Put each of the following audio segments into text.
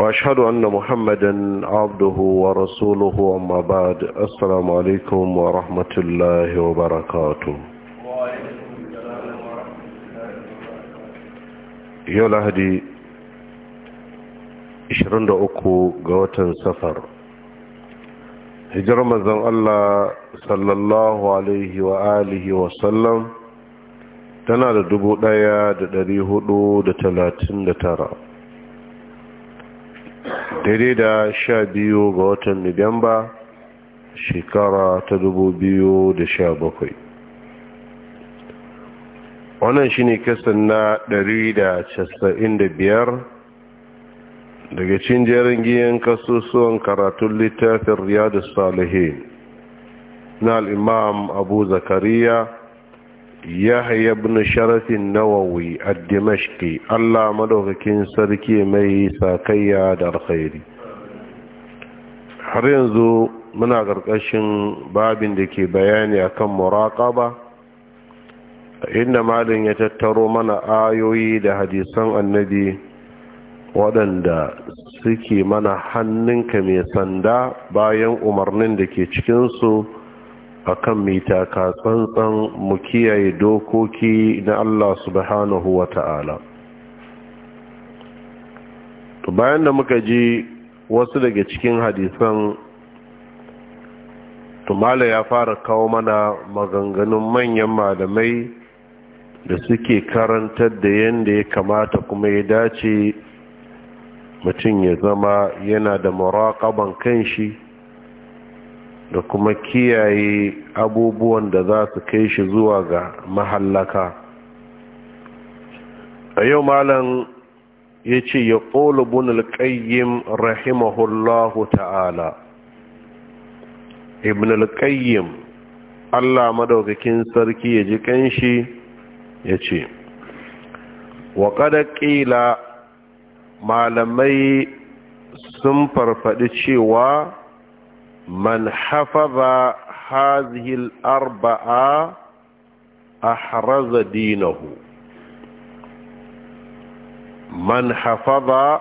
واشهد ان محمدا عبده ورسوله اما بعد السلام عليكم ورحمه الله وبركاته yau lahadi 23 ga watan safar hijirar mazan allah sallallahu alaihi wa alihi wa sallam tana da dubu ɗaya da da da ɗari tara. daidai da sha biyu ga watan nobamba shekara ta dubu biyu da sha bakwai wannan shi ne kasan na ɗari da casa'in da biyar daga cin jerin giyan kasusuwan karatun littafin riyadu salihin na al'imam abu zakariya yahya ibn sharafin nawawi a dimashki allah madaukakin sarki mai sakayya da alkhairi har yanzu muna ƙarƙashin babin da ke bayani akan muraƙaba inda malin ya tattaro mana ayoyi da hadisan annabi waɗanda suke mana hannunka mai sanda bayan umarnin da ke cikinsu akan mita ka tsantsan mu kiyaye dokoki na Allah subhanahu wa ta'ala bayan da muka ji wasu daga cikin hadisan tumala ya fara kawo mana maganganun manyan malamai da suke karantar da yadda ya kamata kuma ya dace mutum ya zama yana da muraƙaban kanshi da kuma kiyaye abubuwan da za su kai shi zuwa ga mahallaka a yau malam ya ce ya ƙolubun alƙayyim rahimahullahu ta'ala ibn alƙayyim allah madaukakin sarki ya ji ƙanshi ya ce wa ƙila malamai sun farfaɗi cewa man hafaza hazihil arba'a ahraza dinahu man hafaza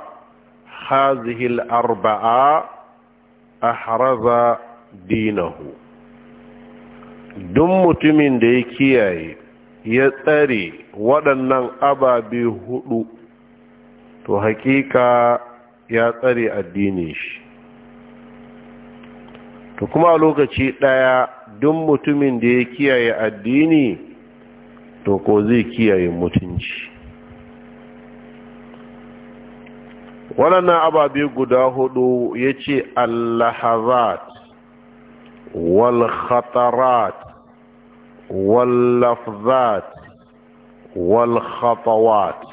hazihil arba'a ahraza dinahu duk mutumin da ya kiyaye ya tsare waɗannan ababe hudu to hakika ya tsare addinin shi to kuma a lokaci ɗaya duk mutumin da ya kiyaye addini to ko zai kiyaye mutunci waɗannan ababe guda hudu ya ce allahazat walhatarat wallafzat walhatawat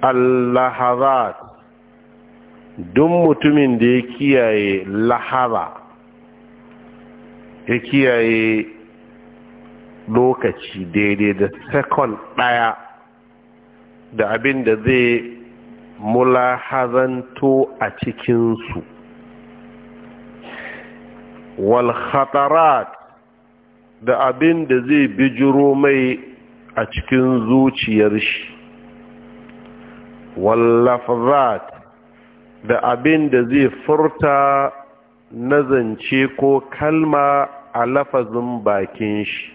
allahazat duk mutumin da ya kiyaye lahaba ya kiyaye lokaci daidai da sekon ɗaya da abin da zai mulahazanto a cikinsu wal khatarat da abin da zai bijiro mai a cikin zuciyar shi wallafazat da abin da zai furta na zance ko kalma a lafazin bakin shi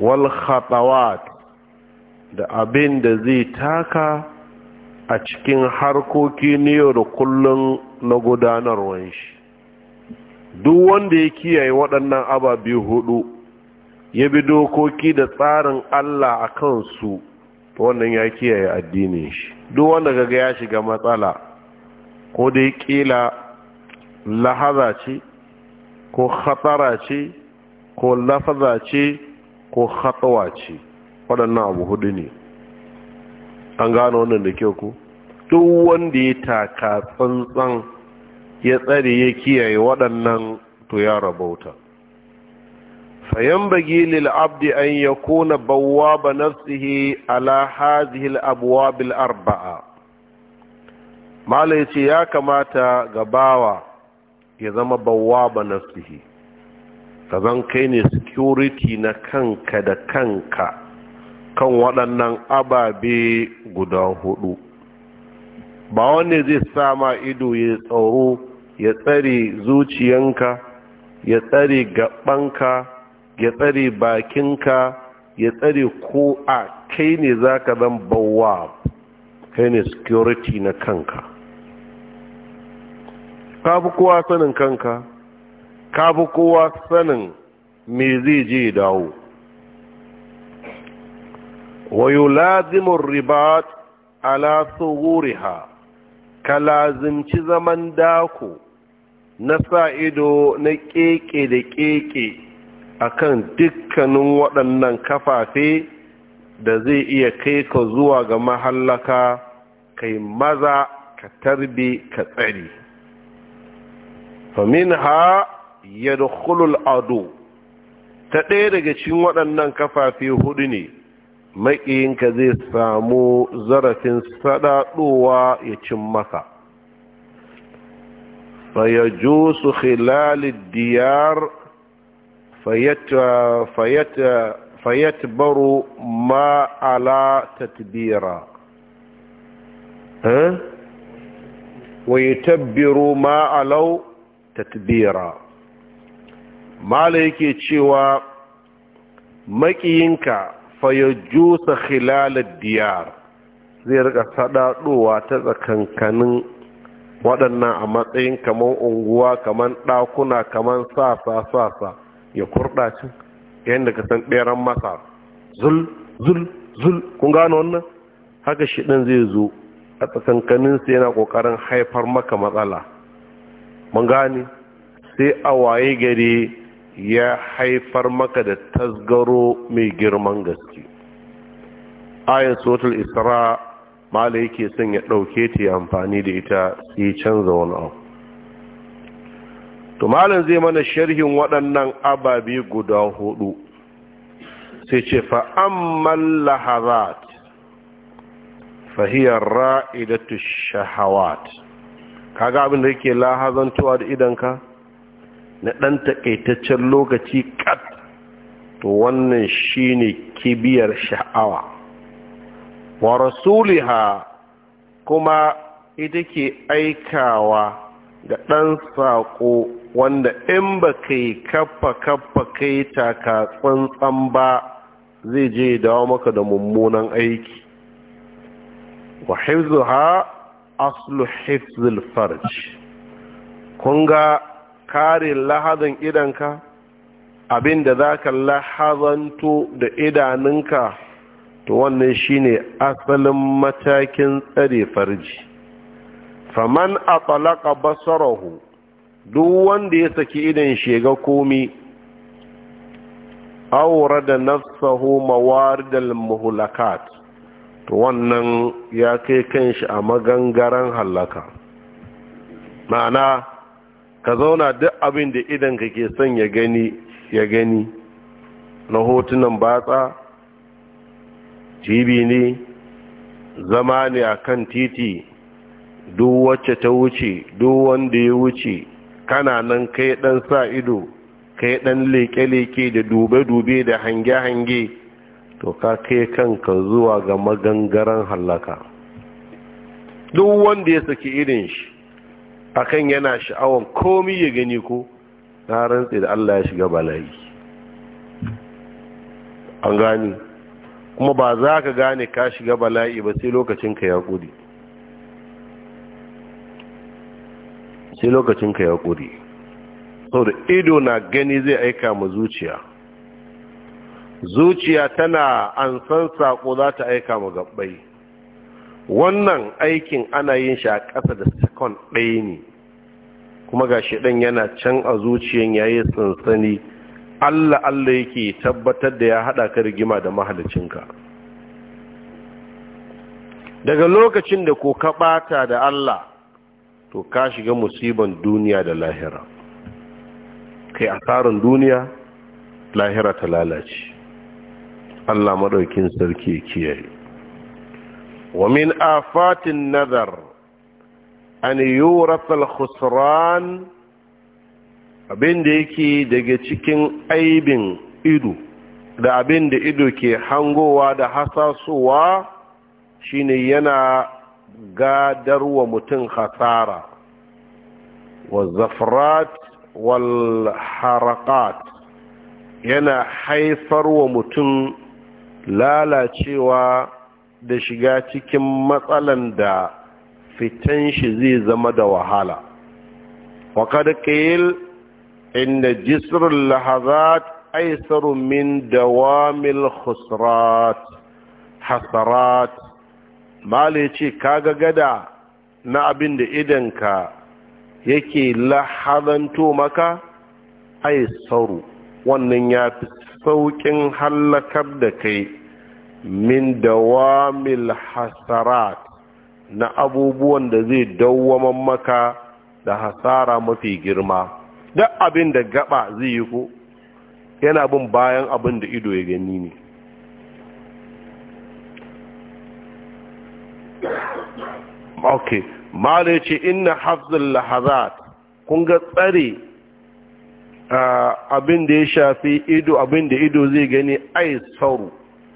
wal da abin da zai taka a cikin harkoki na yau da kullum na gudanarwan shi duk wanda ya kiyaye waɗannan ababe hudu ya bi dokoki da tsarin Allah a kansu wannan ya kiyaye addinin shi duk wanda gaga ya shiga matsala ko dai kila lahaza ce ko khatara ce ko lafaza ce ko khatwa ce waɗannan abu hudu ne an gano wannan da kyau ku duk wanda ya taka tsantsan ya tsare ya kiyaye waɗannan to ya rabauta an للعبد أن يكون بواب نفسه على هذه الأبواب arba'a. mala ya ce ya kamata ga ya zama bawa ba na suhi ka zan kai ne security na kanka da kanka kan waɗannan ababe guda hudu ba wanne zai sama ido ya tsaro ya tsare zuciyanka ya tsare gabanka ya tsare bakinka ya tsare ko a kai ne za ka zan bawa kai ne security na kanka ka fi kowa sanin kanka ka fi kowa sanin me zai je dawo wayo lazimin ribat ala tsohuriha ka lazimci zaman dako na sa ido na keke da keke akan dukkanin waɗannan kafafe da zai iya kai ka zuwa ga mahallaka kai maza ka tarbe ka tsari ha faminha yadkhulul Ado, ta ɗaya daga cikin waɗannan kafafe huɗu ne maƙiyinka zai samu zarafin sadaɗowa ya cin maka su hilali diyar fayatbaru ma ala tatbira ويتبروا ما علوا tatbira mala yake cewa makiyinka fayajjusa khilalad diyar zai rika sadadowa ta tsakankanin waɗannan a matsayin kamar unguwa kamar ɗakuna kamar sasa sasa ya shi yadda ka san ɗeran masa zul zul zul kun gano wannan haka shi ɗin zai zo a sai yana ƙoƙarin haifar maka matsala mun gani sai a waye gari ya haifar maka da tasgaro mai girman gaske ayin sotul isra mala yake son ya ɗauke ta ya amfani da ita sai canza wani abu to malam zai mana sharhin waɗannan ababe guda hudu sai ce fa'amman laharat fahiyar ra'idatu shahawat kaga abin da yake lahazantowa da idanka na ɗan takaitaccen lokaci ƙat to wannan shi ne kibiyar sha'awa wa rasuliha kuma ita ke aikawa ga ɗan saƙo wanda in ba ka yi kaffa kaffa kai taka tsantsan ba zai je dawo maka da mummunan aiki wa ha. aslu hifzil farj kun ga kare lahazan idanka abinda za ka lahazanto da idanunka to wannan shine asalin matakin tsare farji faman a talaka basarahu duk wanda ya saki idan shiga komi aure da nafsahu mawaridal muhulakat to wannan ya kai kanshi a magangaren hallaka ma'ana ka zauna duk abin da ka ke son ya gani ya gani na hotunan batsa jibi ne zama ne a kan titi duk wacce ta wuce duk wanda ya wuce kana nan kai dan sa ido kai dan leke-leke da dube-dube da hange-hange to ka kai kanka zuwa ga magangaren hallaka duk wanda ya saki irin shi akan yana sha'awan komi ya gani ko na rantse da Allah ya shiga bala'i an gani kuma ba za ka gane ka shiga bala'i ba sai lokacin ka ya kudi sai lokacin ka ya kudi sau ido na gani zai aika ma zuciya zuciya tana ansan saƙo za ta aika mu gabbai wannan aikin ana yin shi a ƙasa da sakon ɗaya ne kuma ga ɗan yana can a zuciyan ya yi sansani Allah Allah yake tabbatar da ya haɗa ka rigima da mahalicinka daga lokacin da ko ka ɓata da Allah to ka shiga musiban duniya da lahira kai asarin duniya lahira ta lalace Allah madaukin sarki kiyaye wa min afatin nazar an yurathal khusran abin da yake daga cikin aibin ido da abin da ido ke hangowa da hasasowa shine yana gadar wa mutum hasara wa zafrat wal harakat yana wa mutum lalacewa da shiga cikin matsalan da fitan shi zai zama da wahala waƙad ƙil inda jisrul lahazat aisaru min dawamil khusrat hasarat mali kaga gada na abin da idanka yake lahazanto maka aisaru wannan ya fi saukin hallakar da kai min dawamil hasarat na abubuwan da zai dawwaman maka da hasara mafi girma duk abin da gaba zai yi ko yana bin bayan abin da ido ya gani ne ok ma da ya ce inna hafzul lahazat kun ga tsare abin da ya shafi ido abin da ido zai gani ai sauru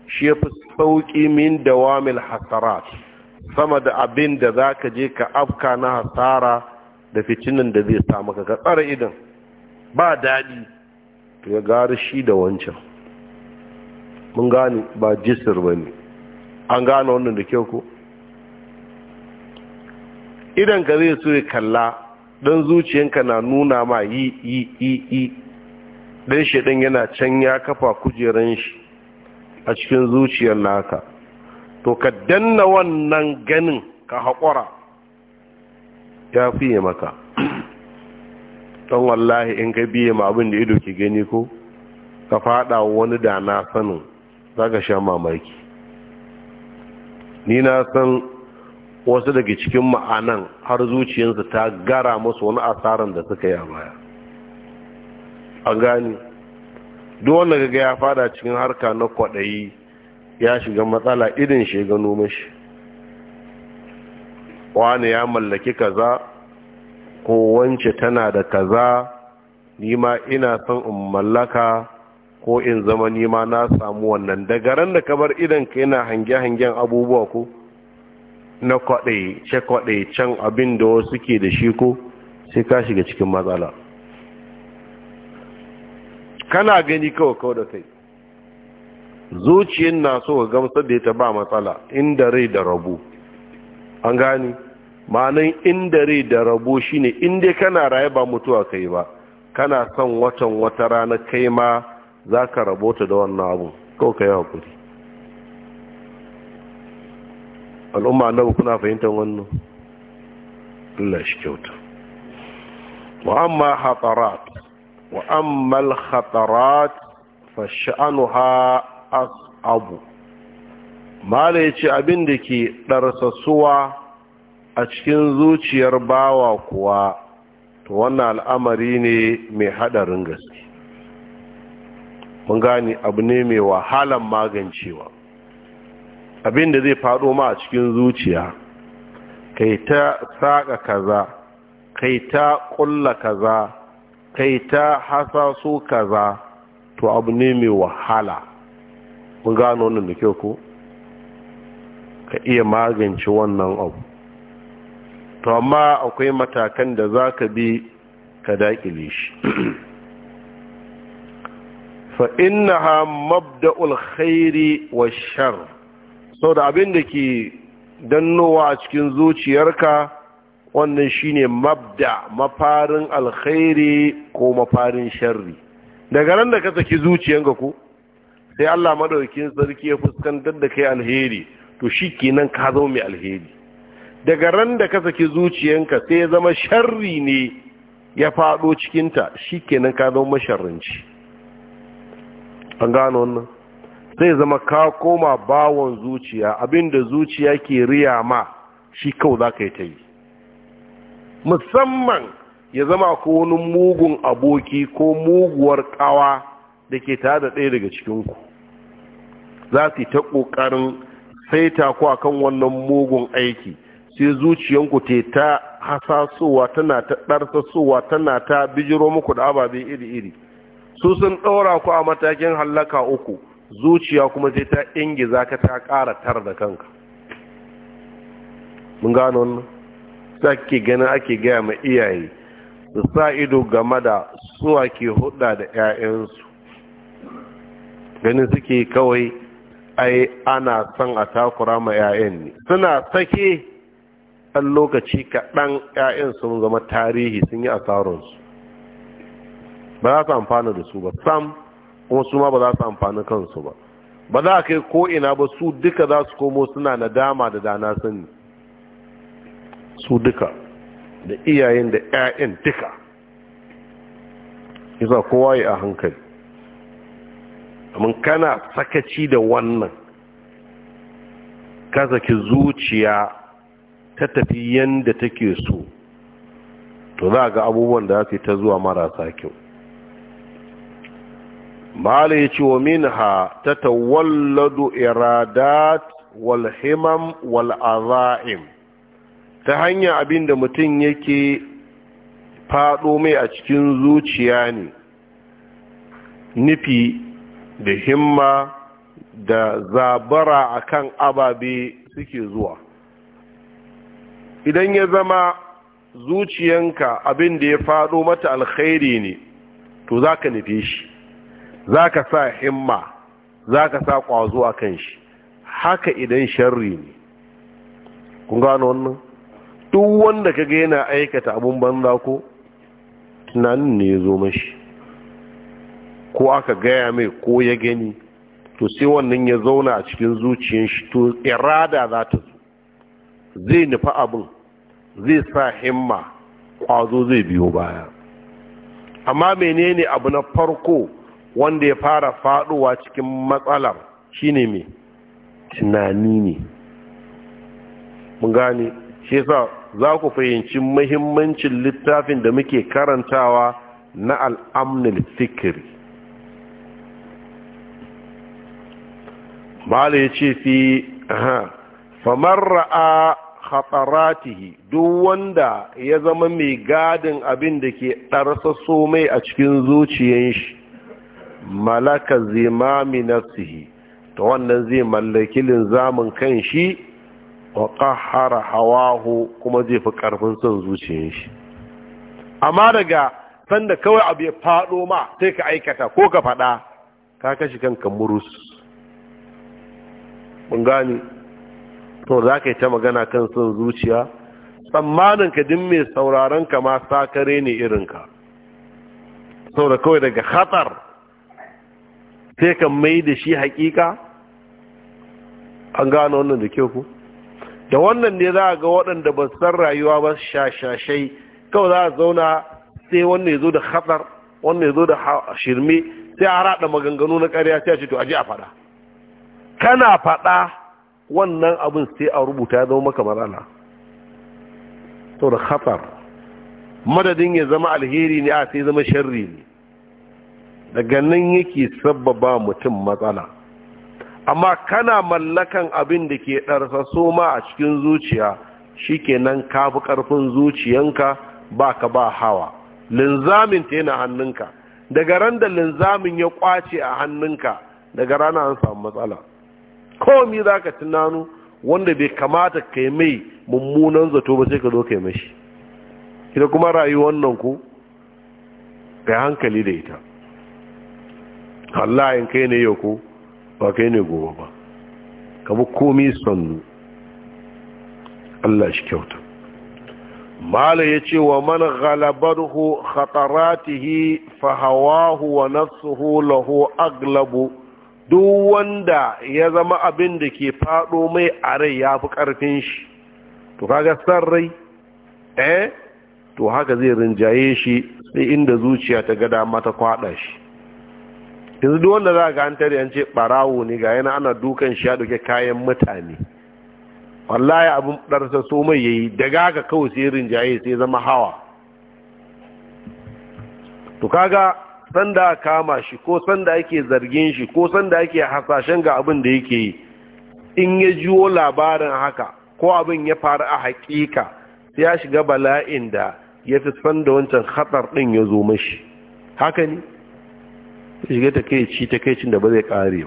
shi ya fi sauƙi min wamil hasarat sama da abin da za ka je ka afka na hasara da fitinin da zai samu ka tsara idan ba daɗi to ya gari shi da wancan mun gane ba jisir ba ne an gane wannan da kyau ko idan ka zai so ya kalla dan zuciyanka na nuna ma yi yi yi yi don shaɗin yana can ya kafa kujeran shi a cikin zuciyar naka to ka danna wannan ganin ka haƙura ya fiye maka don wallahi in ka biye ma abin da ido ke gani ko ka fada wani da na sanin za ka sha mamaki ni na san wasu daga cikin ma'anan har zuciyarsu ta gara masu wani asarar da suka yi a baya A gani duk wanda gaga ya fada cikin harka na kwaɗayi ya shiga matsala irin shi gano mashi wani ya mallaki kaza ko wance tana da kaza nima ina son in mallaka ko in zama nima na samu wannan dagaran da kamar idan ka yana hange-hangen abubuwa ko na kwaɗe-kwaɗe can abin da wasu ke da shi ko sai ka shiga cikin matsala kana gani kawai kawai da kai zuciyar na so ga gamsar da ita ba matsala inda rai da rabu an gani ma'anin inda rai da rabu shine inda kana raye ba mutuwa kai ba kana son watan wata rana kai ma za ka rabota da wannan abu kawai ka yi haƙuri al'umma annabi kuna fahimtar wannan Allah shi kyauta wa amma khatarat wa amma al-khatarat fa sha'anuha abu. mala yace abin da ke darsasuwa a cikin zuciyar bawa kuwa to wannan al'amari ne mai hadarin gaske mun gane abu ne mai wahalan magancewa abin da zai faɗo ma a cikin zuciya kai ta saƙa kaza kai ta ƙulla kaza kai ta hasaso kaza to abu ne mai wahala mun gano wannan da kyau ko ka iya magance wannan abu to amma akwai matakan da za ka bi ka daƙile shi fa innaha mabda'ul khairi wa shar sau da abin da ke dannowa a cikin zuciyarka wannan shine mabda mafarin alkhairi ko mafarin sharri daga ran da ka saki zuciyanka ko sai Allah maɗaukin sarki ya fuskantar da kai alheri to shikenan ka zama mai alheri daga ran da ka saki zuciyanka sai ya zama sharri ne ya faɗo cikinta shikenan ka zama masharranci an gano wannan zai zama ka koma bawon zuciya abinda zuciya ke riya ma shi kau za ka yi ta yi musamman ya zama ko wani mugun aboki ko muguwar kawa da ke ta da ɗaya daga cikinku za su yi ta ƙoƙarin saita ku a kan wannan mugun aiki sai zuciyanku te ta hasasowa tana ta ɗarsasowa tana ta bijiro muku da ababe iri-iri su sun ɗaura ku a matakin hallaka uku zuciya kuma sai ta ingiza ka ta ƙara tar da kanka mun gano wannan sai ke ganin ake gaya ma iyaye su sa ido game da suwa ke hudda da 'ya'yansu ganin suke kawai ai ana son a takura ma 'ya'yan ne suna sake ɗan lokaci kaɗan 'ya'yansu sun zama tarihi sun yi asararsu ba za su amfana da su ba sam kuma su ma ba za su amfani kansu ba ba za a kai ko ina ba su duka za su komo suna nadama da dana sani su duka da iyayen da 'ya'yan duka isa kowa yi a hankali amin kana sakaci da wannan ka saki zuciya ta tafi yadda take so to za ga abubuwan da za ta zuwa marasa kyau mala ya ce wa minha ta tawalladu iradat wal himam wal azaim ta hanyar abin da mutum yake faɗo mai a cikin zuciya ne nufi da himma da zabara akan ababe suke zuwa idan ya zama zuciyanka abin da ya faɗo mata alkhairi ne to za ka nufe shi za ka sa himma za ka sa ƙwazo a kan shi haka idan sharri ne kun gano wannan duk wanda ka ga yana aikata abun banza ko tunanin ne ya zo mashi ko aka gaya mai ko ya gani to sai wannan ya zauna a cikin zuciyar shi to irada za ta zo zai nufa abin zai sa himma ƙwazo zai biyo baya amma menene abu na farko wanda ya fara faduwa cikin matsalar ne mai tunani ne mun gani shi yasa za ku fahimci muhimmancin littafin da muke karantawa na al'amnil fikiri bala ya ce fi famar a khataratihi duk wanda ya zama mai gadin abin da ke ɗarsa so mai a cikin zuciyar shi malaka zimami nafsihi to wannan zai mallaki linzamin kan shi wa ƙahara hawahu kuma zai fi ƙarfin son zuciyar shi amma daga sanda kawai abu ya faɗo ma sai ka aikata ko ka faɗa ka kashi kanka murus mun gani to za ka yi ta magana kan son zuciya tsammanin ka din mai sauraron ka ma sakare ne irinka saboda kawai daga hatsar sai kan mai da shi hakika an gano wannan da kyau ku da wannan ne za a ga waɗanda ba san rayuwa ba shashashai kawai za a zauna sai wannan ya zo da hatsar wannan ya zo da shirme sai a raɗa maganganu na ƙarya sai a ce to aje a faɗa kana faɗa wannan abin sai a rubuta ya zama maka matsala to da hatsar madadin ya zama alheri ne a sai zama sharri ne daga nan yake sabbaba mutum matsala amma kana mallakan abin da ke ɗarsaso ma a cikin zuciya shi shikenan ka fi ƙarfin zuciyanka ba ka ba hawa linzamin ta yana hannunka daga ran da linzamin ya ƙwace a hannunka daga rana an samu matsala komi za ka tunanu wanda bai kamata ka yi mai mummunan zato ba sai ka zo ka yi mashi ita kuma rayuwar nan ku kai hankali da ita Allahin kai ne yau ko ba kai ne gobe ba ka bi komi sannu Allah shi kyauta mala ya ce wa man ghalabarhu khataratihi fa hawahu wa nafsuhu lahu aglabu duk wanda ya zama abin da ke faɗo mai a rai ya fi ƙarfin shi to kaga san rai eh to haka zai rinjaye shi sai inda zuciya ta gada mata ta kwada shi yanzu duk wanda za ga an tare ce barawo ne ga yana ana dukan shi ya dauke kayan mutane wallahi abin ɗarsa so mai yayi daga ga kawai sai rinjaye sai zama hawa to kaga sanda kama shi ko sanda ake zargin shi ko sanda ake hasashen ga abin da yake yi in ya jiwo labarin haka ko abin ya faru a hakika sai ya shiga bala'in da ya fi sanda wancan hatsar ɗin ya zo mashi haka ne shiga ta kai ci ta kai cin da ba zai kare ba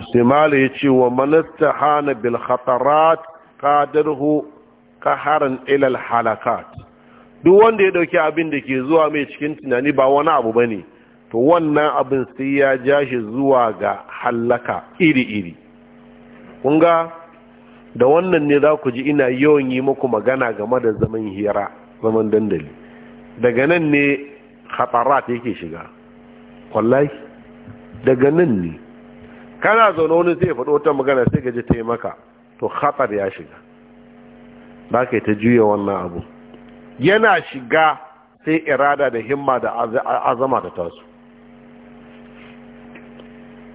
istimala ya ce wa manasta hana bil khatarat qadarhu kaharan ilal halakat duk wanda ya dauki abin da ke zuwa mai cikin tunani ba wani abu bane to wannan abin sai ya ja shi zuwa ga halaka iri-iri kunga da wannan ne za ku ji ina yawan yi muku magana game da zaman hira zaman dandali daga nan ne khatarat yake shiga wallahi daga nan ne kana zaune wani sai faɗo ta magana sai gaji ta yi maka to khatar ya shiga ba ka ta juya wannan abu yana shiga sai irada da himma da azama da taso.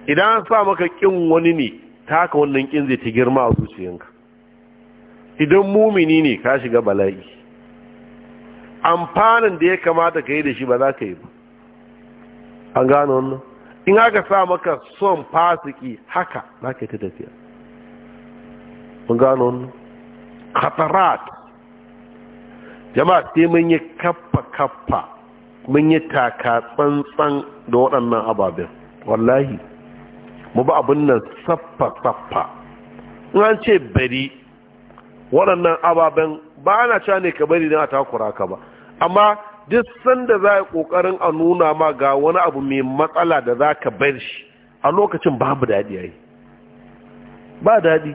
idan an sa maka kin wani ne ta haka wannan kin zai ta girma a zuciyanka idan mumini ne ka shiga bala'i amfanin da ya kamata ka yi da shi ba za ka yi ba an gano wannan in aka sa maka son fasiki haka za ka yi ta tafiya an gano wannan katarat jama'a sai mun yi kaffa kaffa mun yi taka tsantsan da waɗannan ababen wallahi mu ba abin nan saffa saffa in an ce bari waɗannan ababen ba ana cewa ne ka bari na takura ka ba amma duk sanda za a yi kokarin a nuna ma ga wani abu mai matsala da za ka bar shi a lokacin babu daɗi yayi ba daɗi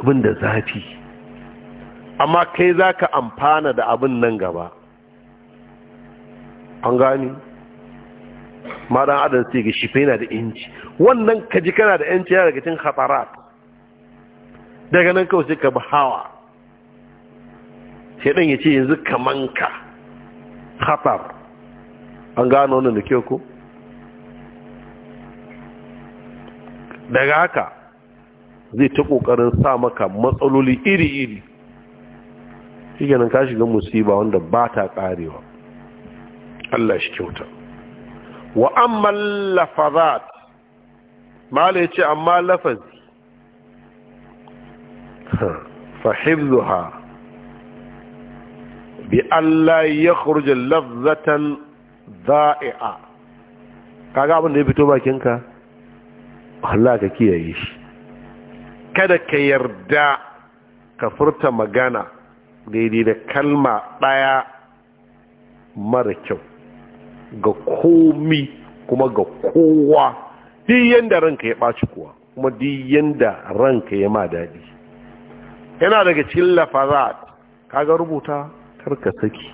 abin da zafi amma kai za ka amfana da abin nan gaba an gani ma dan adam sai ga shife yana da inci wannan kaji kana da yanci yana daga cikin khatarat daga nan kawai sai ka bi hawa shaidan ya ce yanzu kaman ka khatar an gano wannan da kyau ko daga haka zai ta kokarin sa maka matsaloli iri-iri shi nan ka shiga musiba wanda ba ta karewa Allah shi kyauta wa amma lafazat ma'ala ya ce amma lafazi فحفظها بألا يخرج لفظة ضائعة kaga abin da ya fito bakinka Allah ka kiyaye shi kada ka yarda ka furta magana daidai da kalma ɗaya mara kyau ga komi kuma ga kowa duk yadda ranka ya ɓaci kuwa kuma duk yadda ranka ya ma daɗi yana daga cikin lafazat kaga rubuta karka saki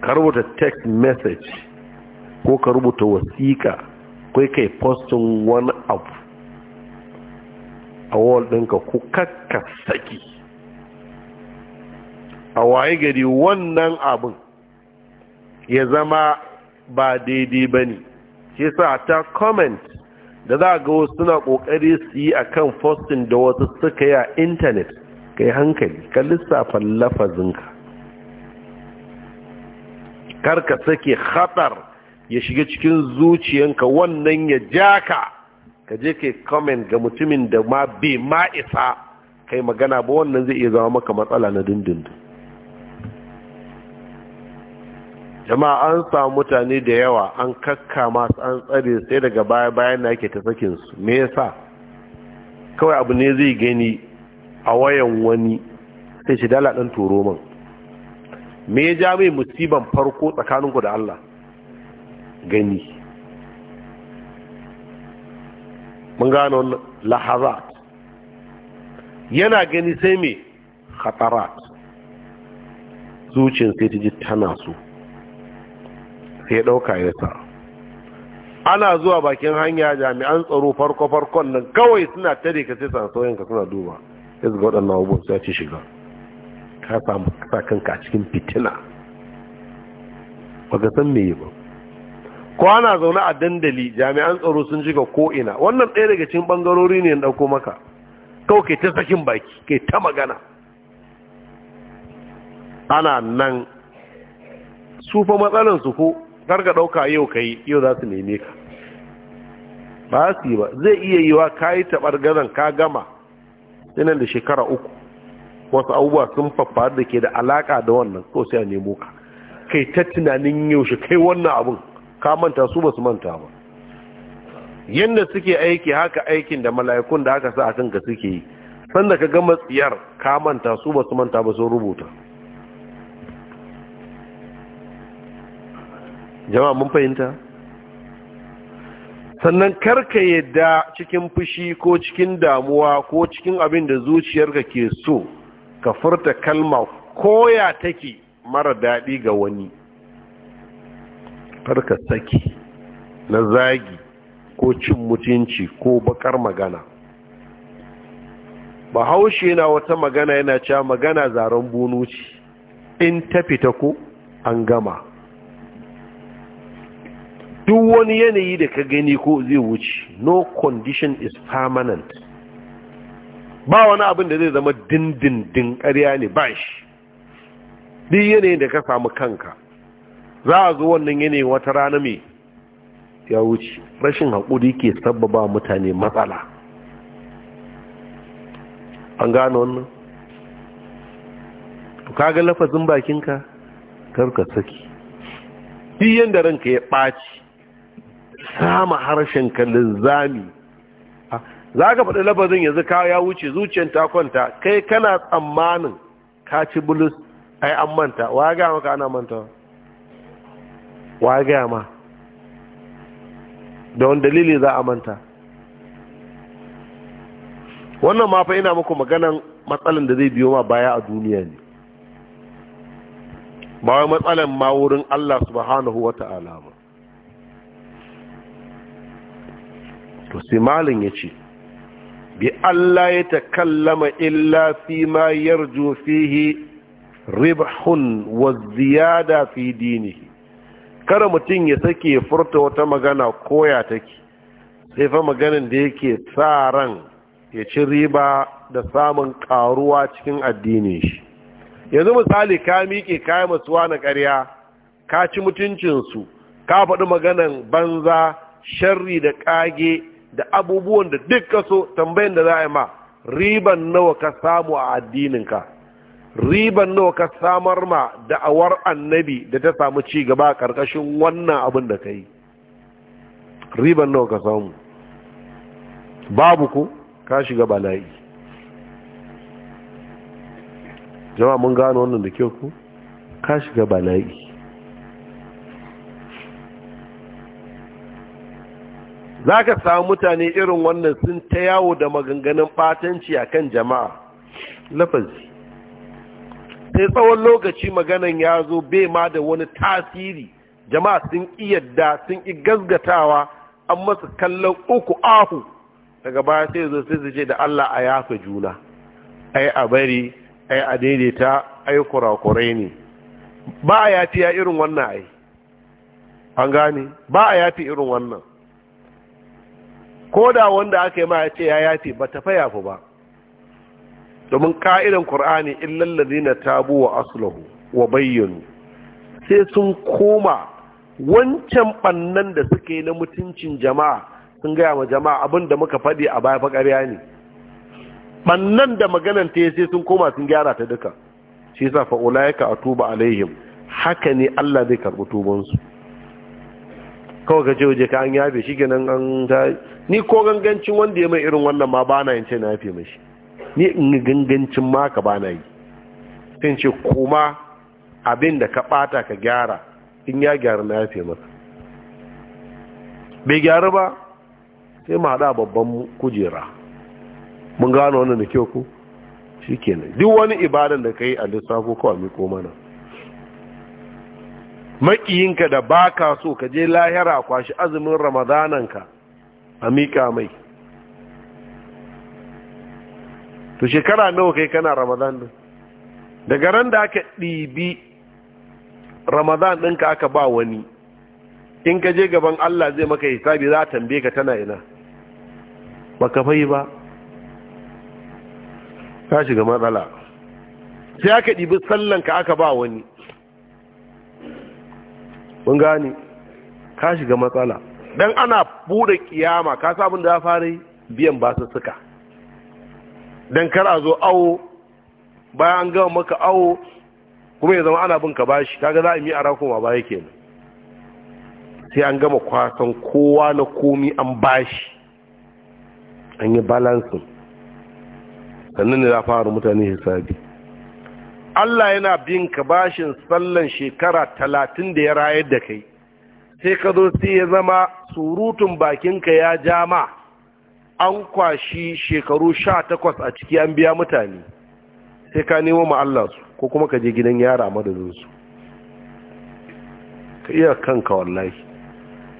ka rubuta text message ko ka rubuta wasiƙa kai kai postin wani abu a wall ɗinka ko karka saki a waye gari wannan abin ya zama ba daidai ba ne shi sa ta comment da za ga wasu suna kokari su yi akan fostin da wasu suka yi a intanet kai hankali ka lissafa lafazinka karka sake hatsar ya shiga cikin zuciyanka wannan ya ja ka ka je kai comment ga mutumin da ma bai ma isa kai magana ba wannan zai iya zama maka matsala na dindindin jama'a an samu mutane da yawa an kakka masu an tsare sai daga baya bayan da ake tafakin su me yasa kawai abu ne zai gani a wayan wani sai shi dala dan turo man me ya ja mai musiban farko tsakaninku da Allah gani mun gano lahaza yana gani sai mai khatarat zuciyar sai ta ji tana so sai ɗauka ya sa ana zuwa bakin hanya jami'an tsaro farko-farkon nan kawai suna tare ka sai sansoyin ka suna duba ya ga waɗannan abubuwan sai ci shiga ka samu sa kanka a cikin fitina baka san me yi ba ko ana zaune a dandali jami'an tsaro sun shiga ko'ina wannan ɗaya daga cikin ɓangarori ne na ɗauko maka kawai kai ta sakin baki kai ta magana ana nan su fa su ko karga ɗauka yau ka yi yau za su neme ka ba su ba zai iya yiwa wa ka yi gazan ka gama sinan da shekara uku wasu abubuwa sun faffar da ke da alaƙa da wannan ko sai a nemo ka kai ta tunanin yaushe kai wannan abin ka manta su ba su manta ba yadda suke aiki haka aikin da mala'ikun da haka sa a kanka suke yi sanda ka gama tsiyar ka manta su ba su manta ba sun rubuta jama'a mun fahimta sannan karka yadda cikin fushi ko cikin damuwa ko cikin abin da zuciyarka ke so ka furta kalma koya take mara daɗi ga wani karka saki na zagi ko cin mutunci ko bakar magana bahaushe na wata magana yana cewa magana zaren bunu ce in ta fita ko an gama duk wani yanayi da ka gani ko zai wuce no condition is permanent ba wani abin da zai zama dindindin ƙarya ne ba shi duk yanayin da ka samu kanka za a zo wannan yanayin wata rana mai ya wuce rashin haƙuri ke sabbaba mutane matsala an gano wannan kaga lafazin bakinka karka saki duk yadda ranka ya ɓaci sama harshen ka linzami ah. za ka faɗi labarin yanzu ka ya wuce zuciyar ta kwanta kai kana tsammanin ka ci bulus ai an manta wa ya gaya maka ana manta wa ya gaya ma da wani dalili za a manta wannan ma ina muku maganan matsalan da zai biyo ma baya a duniya ne ba wai matsalan ma wurin Allah subhanahu wa ta'ala ba to sai malin ya ce bi Allah ya kallama illa fi ma yarju fihi ribhun wa ziyada fi dinihi kada mutum ya sake furta wata magana koya take sai fa maganin da yake sa ran ya ci riba da samun karuwa cikin addinin shi yanzu misali ka miƙe kayan masuwa na ƙarya ka ci mutuncinsu ka faɗi maganan banza sharri da ƙage da abubuwan da duk ka so tambayin da za a yi ma riban nawa ka samu a addininka riban nawa ka samar ma da'awar annabi da ta samu ci gaba karkashin wannan abin da ka yi riban nawa ka samu babu ku ka shiga bala'i jama'a mun gano wannan da kyau ku ka shiga bala'i za ka samu mutane irin wannan sun ta yawo da maganganun ɓatanci a kan jama'a lafazi sai tsawon lokaci maganan ya zo bai ma da wani tasiri jama'a sun iyadda sun yi gazgatawa an masa kallon uku ahu daga baya sai zo sai su ce da Allah a yafa juna ai a bari ai a daidaita ai kurakurai ne ba a yafi ya irin wannan ai an gane ba a yafi irin wannan ko da wanda aka yi ma ya ce ya yafi ba ta fayafu ba domin ka'idan ƙur'ani illal na tabu wa asulahu wa bayyanu sai sun koma wancan bannan da suka na mutuncin jama'a sun gaya ma jama'a abinda muka faɗi a baya fa ya ne bannan da maganan ta sai sun koma sun gyara ta duka shi ya ka a tuba alaihim haka ne Allah zai karɓi tubansu kawai ka ce waje ka an yabe shi kenan an ta ni ko gangancin wanda ya mai irin wannan ma ba na yin ce na yafe mashi ni in gangancin ma ka ba na yi sai ce kuma abin da ka bata ka gyara in ya gyara na yafe masa bai gyara ba sai mu haɗa babban kujera mun gano wannan da kyau ku shi kenan duk wani ibadan da ka yi a lissafo kawai koma mana makiyinka da baka so ka je lahira kwashi azumin ramadananka a miƙa mai to shekara nawa kai kana ramadan din daga ran da aka ɗibi ramadan ɗinka aka ba wani in ka je gaban Allah zai maka hisabi za a tambaye ka tana ina ba ka fai ba ka shiga matsala sai aka ɗibi sallanka aka ba wani mun gane ka shiga matsala dan ana bude kiyama ka sa abin da ya fara biyan ba su suka dan kar a zo awo bayan an gama maka awo kuma ya zama ana bin ka bashi kaga za a yi ara kuma baya kenan sai an gama kwasan kowa na komi an bashi an yi balansin sannan ne za fara mutane hisabi Allah yana bin ka bashin sallan shekara talatin da ya rayar da kai sai ka zo sai ya zama surutun bakinka ya ja ma an kwashi shekaru sha takwas a ciki an biya mutane sai ka nemo ma'allarsu ko kuma ka je gidan yara madadinsu ka iya kanka wallahi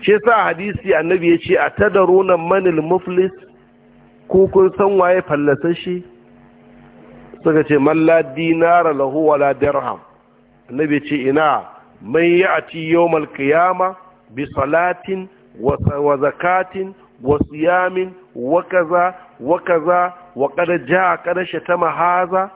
shi sa hadisi annabi ya ce a tadaruna manil muflis ko kun san waye fallasashe suka ce malladi dinara lahu wala dirham annabi ce ina mai yi a ci yau malkiyama Bisalatin, wa zakatin wa siyamin wa kaza wa kaza wa kada ja kada shatama haza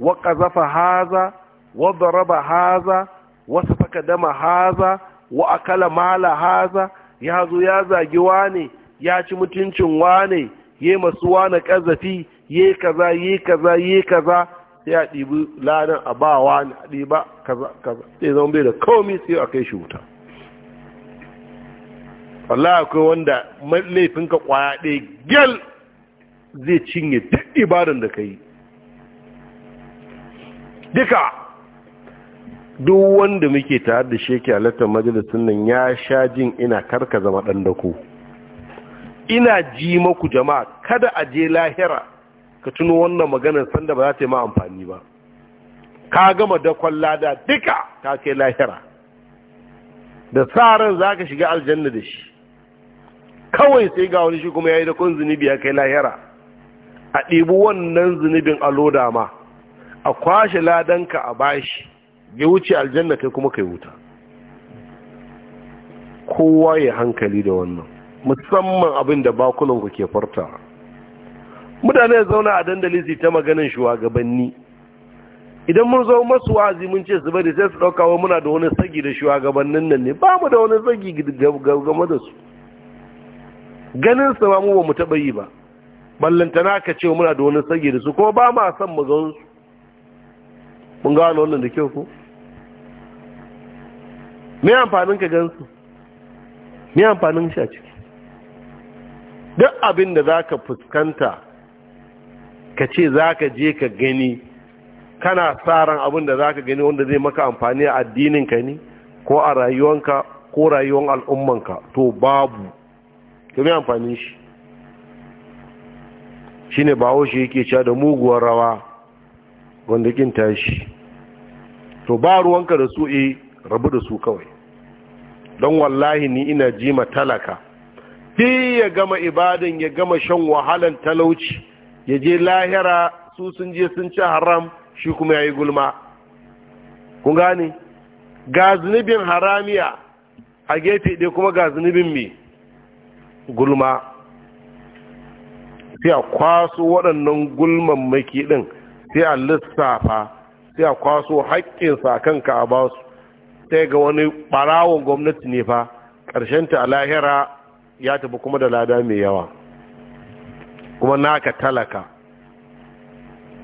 wa ƙazafa haza wa daraba haza wa safaka dama haza wa akala mala haza ya zo ya zagi wane ya ci mutuncin wane ye masu wane ƙazafi, ya kaza ya kaza ya kaza sai a ɗibi ladan a ba wani a ɗiba kaza kaza sai zama bai da komi sai a kai shi wuta wallah akwai wanda laifinka kwaya ɗaya gyal zai cinye duk ibadan da ka yi duka duk wanda muke tare da shi halartar majalisun nan ya sha jin ina karka zama ɗan dako ina ji maku jama'a kada a je lahira ka tuno wannan maganar sanda ba za ta yi ma amfani ba ka gama dakon lada duka ka kai lahira da tsarin za ka shiga aljanna da shi kawai sai ga wani shi kuma ya yi da kun zunubi ya kai lahira a ɗibi wannan zunubin a loda ma a kwashe ladanka a bashi ya wuce aljanna kai kuma kai wuta kowa ya hankali da wannan musamman abin da bakunanku ke farta mutane zauna a dandali su ta maganin shugabanni idan mun zo masu wazi mun ce su bari sai su ɗauka wa muna da wani sagi da shugabannin nan ne ba mu da wani sagi game da su ganin su ma mu ba mu taɓa yi ba ballantana ka ce muna da wani sage da su ko ba ma son mu ga su mun gano wannan da kyau ko me amfanin ka gan su me amfanin shi a ciki duk abin da zaka fuskanta ka ce zaka je ka gani kana tsaron abin da zaka gani wanda zai maka amfani a addininka ne ko a rayuwanka ko rayuwan al'ummanka to babu Ka me amfani shi ne bawo shi yake cewa da muguwar rawa wanda kin tashi to ba ruwanka da su eh rabu da su kawai don wallahi ni ina jima talaka Fi ya gama ibadan ya gama shan wahalan talauci ya je lahira su sun je sun ci haram shi kuma ya yi gulma kun gane ga haramiya a gefe ɗaya kuma ga zunubin mai gulma sai a kwaso waɗannan gulman maki ɗin sai a lissafa sai a kwaso haƙƙinsa a kanka a ba su sai ga wani ɓarawon gwamnati ne fa ƙarshenta a lahira ya tafi kuma da lada mai yawa kuma naka talaka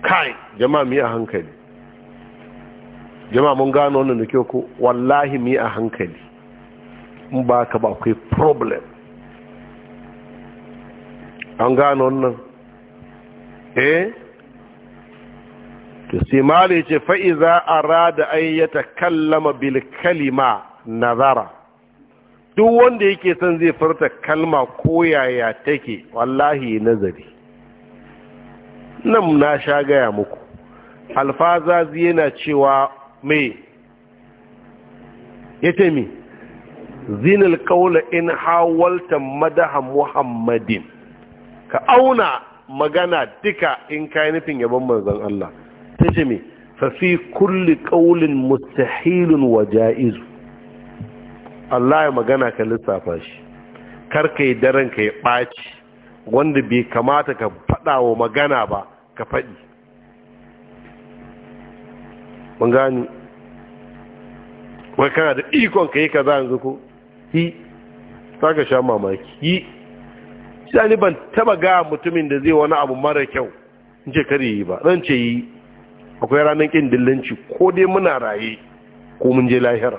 kai jama'a mi a hankali jama'a mun gano wannan da kyau ko wallahi mi a hankali in ba ka ba akwai problem an gano wannan eh to sai mali ce fa'iza arada ay yatakallama bil kalima nazara duk wanda yake son zai furta kalma ko yaya take wallahi nazari nan na sha gaya muku zai yana cewa me yace me zinal qawla in hawalta madaha muhammadin ka auna magana duka in yi nufin yabon manzon Allah ta ce mai fafi kulli ƙaulin mustahilun wa Ja'izu. Allah ya magana ka lissafa shi kar yi daren ka ya ɓaci, wanda bai kamata ka faɗawa wa magana ba ka faɗi. mun gani wai kana da ikon ka yi kaza yanzu ko yi ka sha mamaki yi Sani ban taba ga mutumin da zai wani abu mara kyau in ce kare yi ba zan ce yi akwai ranar kin dillanci ko dai muna raye ko mun je lahira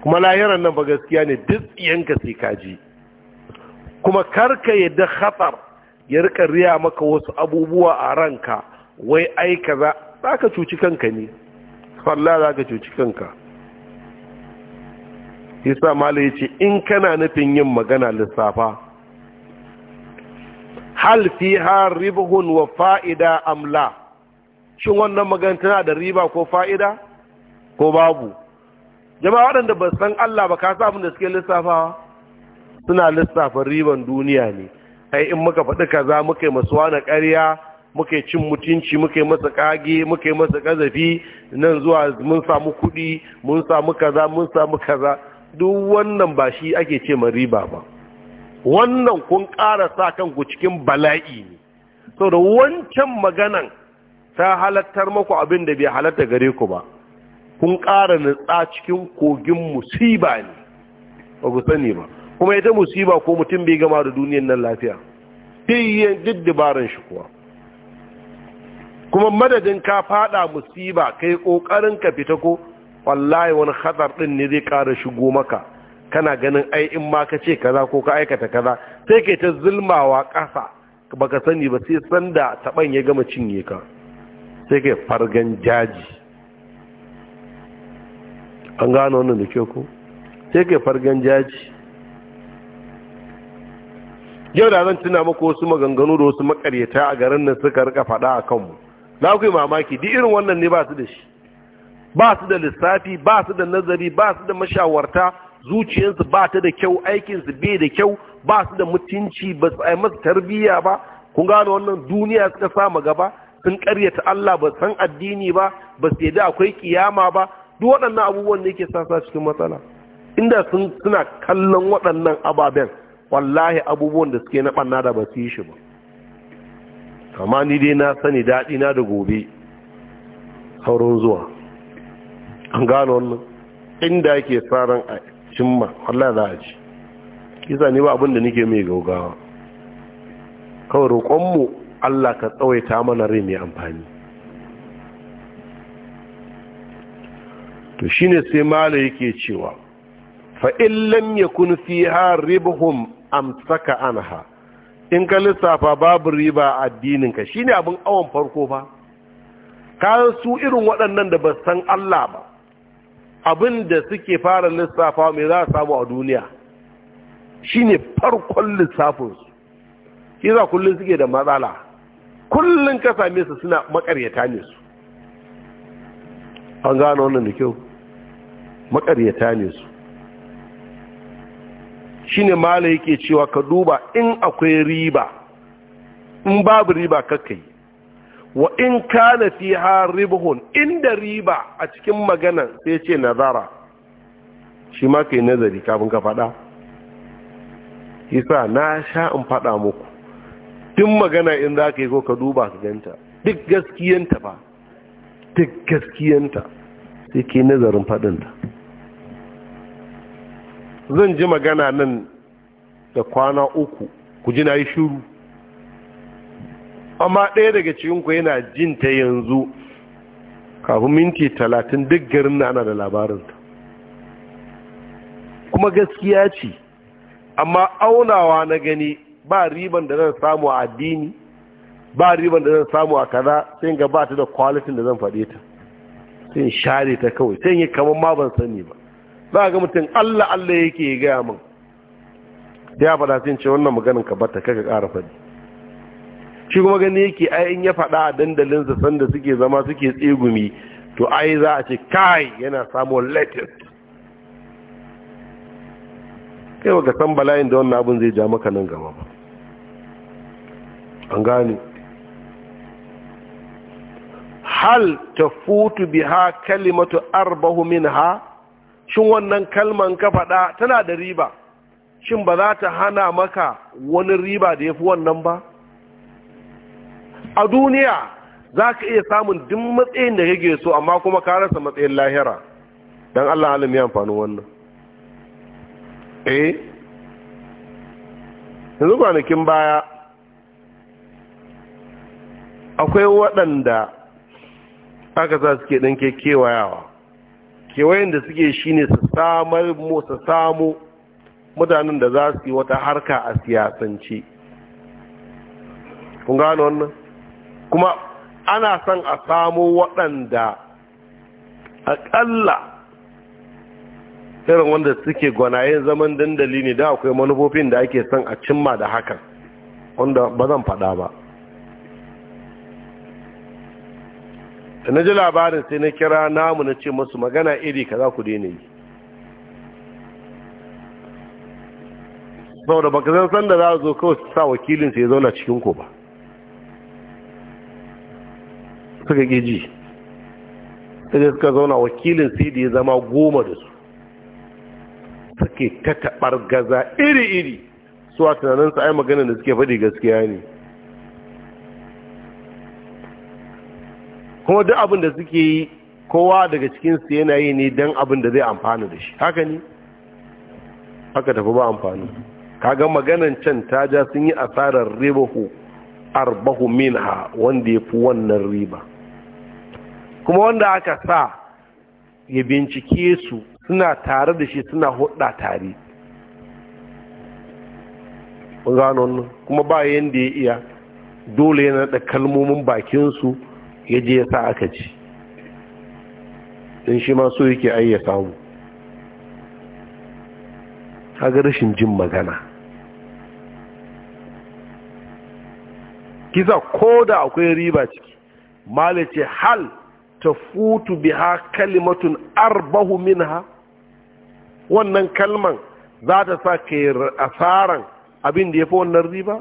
kuma lahiran nan ba gaskiya ne duk yanka sai kaji kuma karka yadda khatar ya rika riya maka wasu abubuwa a ranka wai ai kaza zaka cuci kanka ne wallahi zaka cuci kanka yasa malam yace in kana nufin yin magana lissafa hal fiha ribhun wa fa'ida am shin wannan magana tana da riba ko fa'ida ko babu jama'a waɗanda ba san Allah ba ka sa mun da suke lissafawa suna lissafa riban duniya ne ai in muka faɗi kaza muka yi masuwa na ƙarya muka cin mutunci muka masa kage muka masa kazafi nan zuwa mun samu kuɗi mun samu kaza mun samu kaza duk wannan ba shi ake ce ma riba ba wannan kun ƙara sa kanku cikin bala'i ne so da wancan maganan ta halattar maku abin da bai halatta gare ku ba kun ƙara nutsa cikin kogin musiba ne ba ku sani ba kuma ita musiba ko mutum bai gama da duniyan nan lafiya duk duk dabaran shi kuwa kuma madadin ka fada musiba kai kokarin ka fita ko wallahi wani khatar din ne zai ƙara shigo maka kana ganin ai in ma ka ce kaza ko ka aikata kaza sai ke ta zulmawa ƙasa baka sani ba sai sanda taban ya gama cinye ka sai ke fargan jaji an gano wannan da kyau ko sai ke fargan jaji yau da zan tuna muku wasu maganganu da wasu makaryata a garin nan suka rika faɗa a kanmu na ku mamaki duk irin wannan ne ba su da shi ba su da lissafi ba su da nazari ba su da mashawarta zuciyarsu ba ta da kyau aikinsu bai da kyau ba su da mutunci ba su aimas masu tarbiyya ba kun gano wannan duniya suka samu gaba sun karyata Allah ba san addini ba ba su yadda akwai kiyama ba duk waɗannan abubuwan ne yake sasa cikin matsala inda sun suna kallon waɗannan ababen wallahi abubuwan da suke na ɓanna da ba su yi shi ba amma ni dai na sani daɗi na da gobe sauran zuwa an gano wannan inda yake tsaron a cimma Allah za a ci kisa ne ba abin da nake mai gaugawa kawai roƙonmu Allah ka tsawaita mana rai mai amfani to shine sai mala yake cewa fa in lam yakun fiha ribhum amsaka anha in ka lissafa babu riba addinin ka shine abin awon farko ba? kayan su irin waɗannan da ba san Allah ba abin da suke fara lissafa mai za a samu a duniya shi ne farkon lissafinsu shi za kullum suke da matsala kullum ka same su suna makaryata ne su an gano wannan da kyau makaryata ne su shi ne mala yake cewa ka duba in akwai riba in babu riba kakai wa in kana fi ribhun inda riba a cikin magana sai ce nazara shi ma kai nazari kafin ka faɗa isa na sha in faɗa muku duk magana in za ka yi ko ka duba ka ganta duk gaskiyanta ba duk gaskiyanta sai ke nazarin faɗinta zan ji magana nan da kwana uku ku ji na yi shuru amma ɗaya daga cikinku yana jin ta yanzu kafin minti talatin duk garin na ana da labarinta kuma gaskiya ce amma aunawa na gani ba riban da zan samu a addini ba riban da zan samu a kaza sai ga ba ta da kwalitin da zan faɗe ta sai in share ta kawai sai yi kamar ma ban sani ba za ga mutum allah allah yake gaya min ya faɗa sai ce wannan maganin ka bata kaka ƙara faɗi shi kuma gani yake ai in ya faɗa a dandalinsa sanda suke zama suke tsegumi to ai za a ce kai yana samun latin kai baka san bala'in da wannan abin zai ja maka nan gaba ba an gane hal ta bi biha kalimatu arbahu ha? shin wannan kalman ka faɗa tana da riba shin ba za ta hana maka wani riba da ya fi wannan ba a duniya za ka iya samun din matsayin da kake so amma kuma ka rasa matsayin lahira don Allah alim ya amfani wannan eh yanzu kwanakin baya akwai waɗanda aka sa suke ɗan kewayawa kewayen da suke shine su samar su samu mutanen da za su yi wata harka a siyasance kun gano wannan kuma ana son a samo waɗanda aƙalla irin wanda suke gwanaye zaman dandali ne da akwai manufofin da ake son a cimma da hakan wanda ba zan faɗa ba da na ji labarin sai na kira namu na ce masu magana iri ka za ku daina yi Sau da baka zan san da za a zo kawai sa wakilinsa ya zauna cikin ku ba suka ji sai suka zauna wakilin cd ya zama goma da su suke ta taɓar gaza iri-iri su a tunaninsu ai magana da suke faɗi gaskiya ne kuma duk abin da suke yi kowa daga cikinsu yana yi ne don abin da zai amfani da shi haka ne haka tafi ba amfani kaga maganan can ta ja sun yi asarar ribahu arbahu minha wanda ya fi wannan riba kuma wanda aka sa ya bincike su suna tare da shi suna hudda tare gano kuma ba yadda ya iya dole yana da kalmomin bakinsu ya je ya sa aka ci don shi ma so yake ai ya samu haga rashin jin magana kisa ko da akwai riba ciki malice hal tafutu biha kalimatun arbahu minha wannan kalman za ta sa ka yi asaran abin da ya fi wannan riba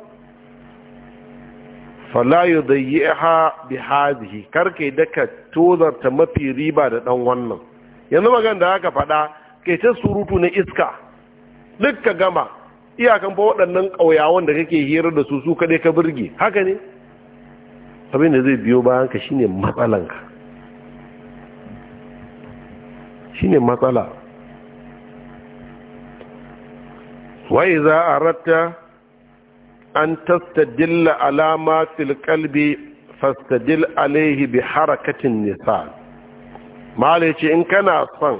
falayu da yi ha bi hazihi yi daka tozarta mafi riba da ɗan wannan yanzu magan da aka faɗa kai ta surutu na iska duk ka gama iyakan fa waɗannan ƙauyawan da kake hira da su su kaɗai ka birge haka ne abin da zai biyo bayan ka shine matsalanka shine matsala wai za a ratta an tastadilla alama fil fastadil alaihi bi harakatin nisa malaci in kana son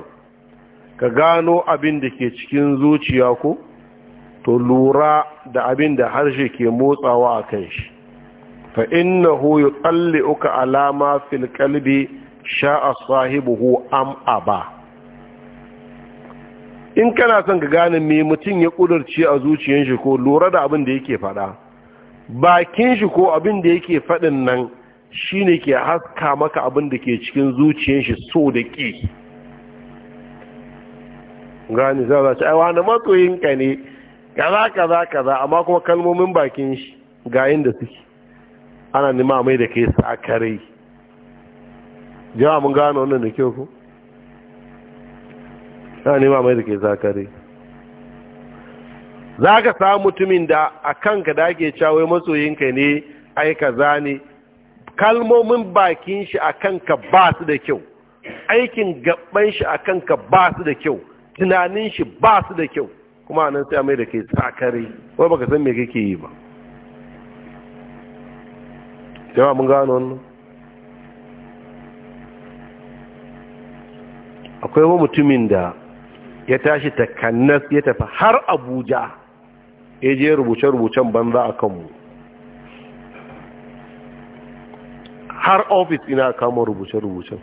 ka gano abin da ke cikin zuciya ko to lura da abin da harshe ke motsawa a kan shi fa innahu yuqalli'uka alama fil qalbi sha'a sahibuhu am aba in kana son ka gane me mutum ya kudurci a zuciyar shi ko lura da abin da yake faɗa bakin shi ko abin da yake faɗin nan shine ke haska maka abin da ke cikin zuciyar shi so da ƙi gani za a ci wani matsoyin ka ne kaza kaza kaza amma kuma kalmomin bakin shi ga da suke ana nima mai da kai sakarai jama'a mun gano wannan da kyau ko ne ma mai da ke zakare za ka samu mutumin da a kanka da ake cawo masoyinka ne aika zane kalmomin bakin shi a kanka ba su da kyau aikin gaban shi a kanka ba su da kyau tunanin shi ba su da kyau kuma nan sai mai da ke zakare wai baka san me kake yi ba jama mun gano wannan akwai wa mutumin da ya tashi takannas ya tafi har abuja ya je rubuce-rubucen banza a kanmu har ofis ina kama rubuce-rubucen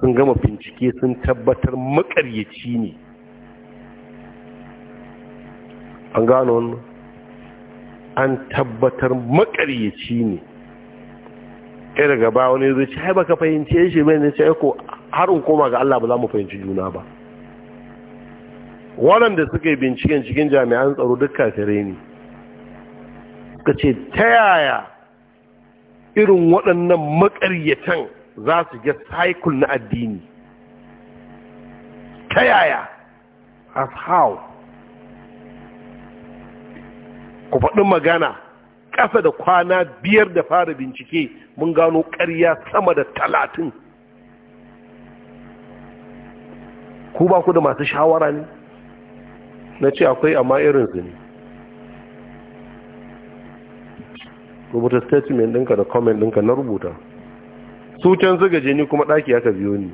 sun gama bincike sun tabbatar makaryaci ne an gano wannan an tabbatar makaryaci ne ya daga ba wani zai ce fahimci fahimce shi mai ne ce ko harin koma ga Allah ba za mu fahimci juna ba waɗanda suka yi binciken cikin jami'an tsaro duk kafirai ne suka ce ta yaya irin waɗannan makaryatan za su ga cycle na addini ta yaya as how ku faɗin magana ƙasa da kwana biyar da fara bincike mun gano ƙarya sama da talatin ku ba ku da masu shawara ne na ce akwai amma irin su ne rubuta statement ɗinka da comment ɗinka na rubuta su can zuga je ni kuma ɗaki ka biyo ni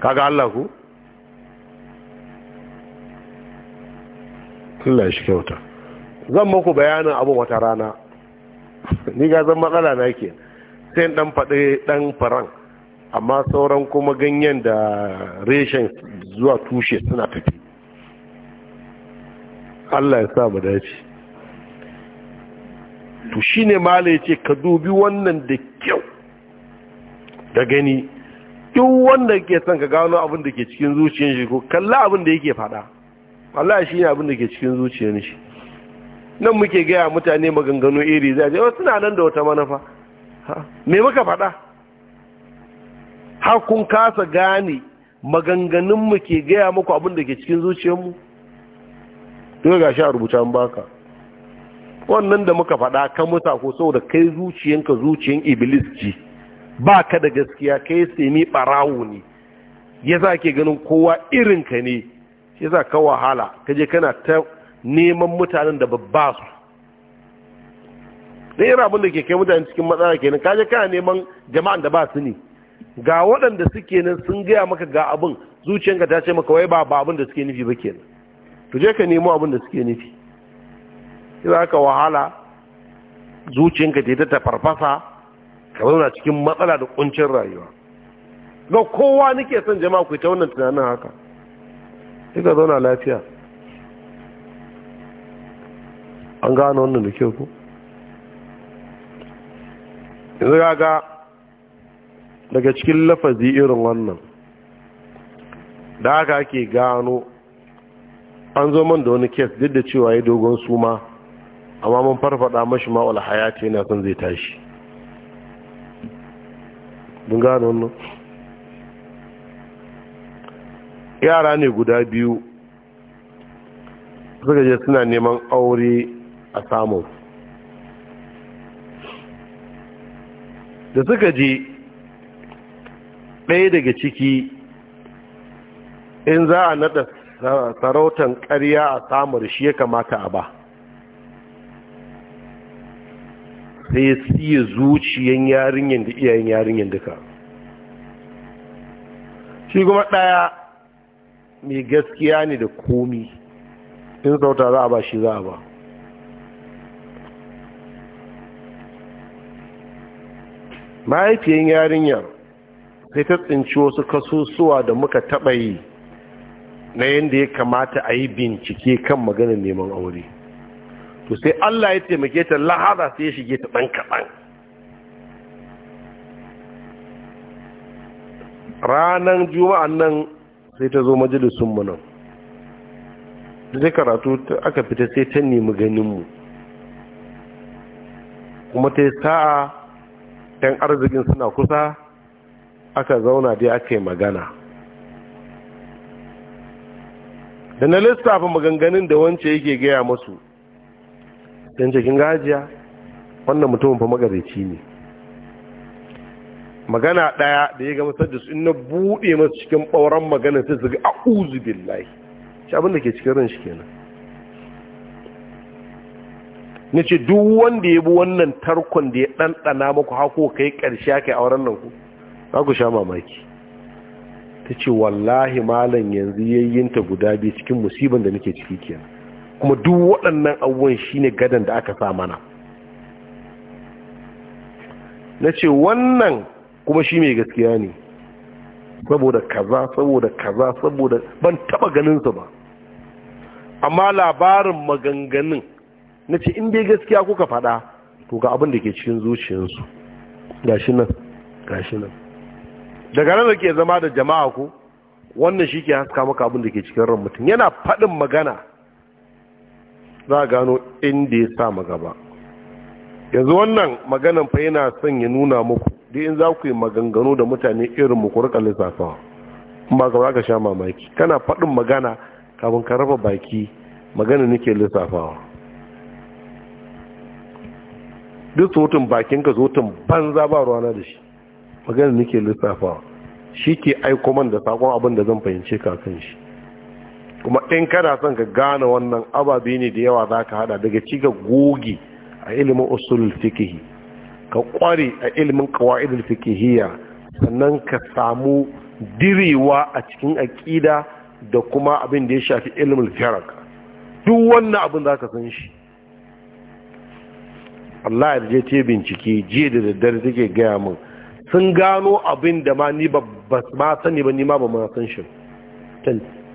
kaga Allah ku? Allah shi kyauta zan muku bayanin abu wata rana ni ga zan matsala na ke sai ɗan faɗi ɗan faran amma sauran kuma ganyen da reshen zuwa tushe suna tafi Allah ya sa mu dace to shine mala yace ka dubi wannan da kyau da gani duk wanda yake son ka gano abin da ke cikin zuciyar shi ko kalla abin da yake faɗa wallahi shine abin da ke cikin zuciyar shi nan muke gaya mutane maganganu iri zai ce wasu oh, nan da wata manufa me muka faɗa har kun kasa gane maganganun mu ke gaya muku abin da ke cikin zuciyarmu mu ga shi a rubuta an baka wannan da muka faɗa kan musa ko saboda kai zuciyanka zuciyan iblis ji ba ka da gaskiya kai semi ɓarawo ne ya za ke ganin kowa irinka ne ya za ka wahala ka je kana ta neman mutanen da babba su da yin abin da ke kai mutane cikin matsala ke nan je kana neman jama'an da ba su ne ga waɗanda suke nan sun gaya maka ga abin zuciyanka ta ce maka wai ba abin da suke nufi ba kenan to je ka nemo abin da suke nufi sai za ka wahala zuciyanka ta yi ta farfasa ka zauna cikin matsala da kuncin rayuwa ga kowa nake son jama'a ku ta wannan tunanin haka sai ka zauna lafiya an gano wannan da kyau ko yanzu ga daga cikin lafazi irin wannan da haka ake gano an zo man da wani kes duk da cewa ya dogon suma amma mun farfada mashi ma hayati yana son zai tashi mun gano wannan yara ne guda biyu suka je suna neman aure a samun da suka je ɗaya daga ciki in za a naɗa sarautan ƙarya a samar shi ya kamata a ba sai ya siya zuciyan yarinyar da iyayen yarinyar duka shi kuma ɗaya mai gaskiya ne da komi in sauta za a ba shi za a ba mahaifiyan yarinyar sai ta tsinci wasu kasusuwa da muka taɓa yi na yadda ya kamata a yi bincike kan maganar neman aure to sai Allah ya taimake ta lahaza sai ya shige ta ɗan kaɗan ranar juma'an nan sai ta zo majalisun mu nan da karatu aka fita sai ta nemi ganinmu kuma ta yi sa'a 'yan arzikin suna kusa aka zauna dai aka yi magana da na lissafa maganganun da wance yake gaya masu don cikin gajiya wannan mutumin fa magabaci ne magana ɗaya da ya gama sadda in na buɗe masu cikin ɓauran magana sai su ga a uzu billahi shi abin da ke cikin ran shi kenan na ce duk wanda ya bi wannan tarkon da ya ɗanɗana maku hako kai ƙarshe kai auren nan ku za ku sha mamaki ta ce wallahi malam yanzu yayyinta guda biyu cikin musibin da nake ciki kenan kuma duk waɗannan abubuwan shine gadon da aka sa mana na ce wannan kuma shi mai gaskiya ne saboda kaza saboda kaza saboda ban taba ganinsa ba amma labarin maganganun na ce dai gaskiya kuka faɗa to ga abin da ke cikin zuciyarsu gashi nan gashi nan daga nan da ke zama da jama'a ko wannan shi ke haska maka abin da ke cikin ran mutum yana faɗin magana za a gano inda ya sa magaba yanzu wannan maganan fa yana son ya nuna muku duk in za ku yi maganganu da mutane irin mu ku rika lissafawa in ba ka za ka sha mamaki kana faɗin magana kafin ka raba baki magana nake lissafawa duk sautin bakinka sautin banza ba ruwana da shi maganar nake lissafawa shi ke aiko man da sakon abin da zan fahimce ka kan shi kuma in kana son ka gane wannan ababe ne da yawa za ka hada daga ci goge a ilimin usul fikihi ka kware a ilimin qawaidul fikihiya sannan ka samu direwa a cikin aƙida da kuma abin da ya shafi ilimin firak duk wannan abin za ka san shi Allah ya je te bincike jiya da daddare take gaya min sun gano abin da ma ni ba ma sani ba ni ma ba ma san shi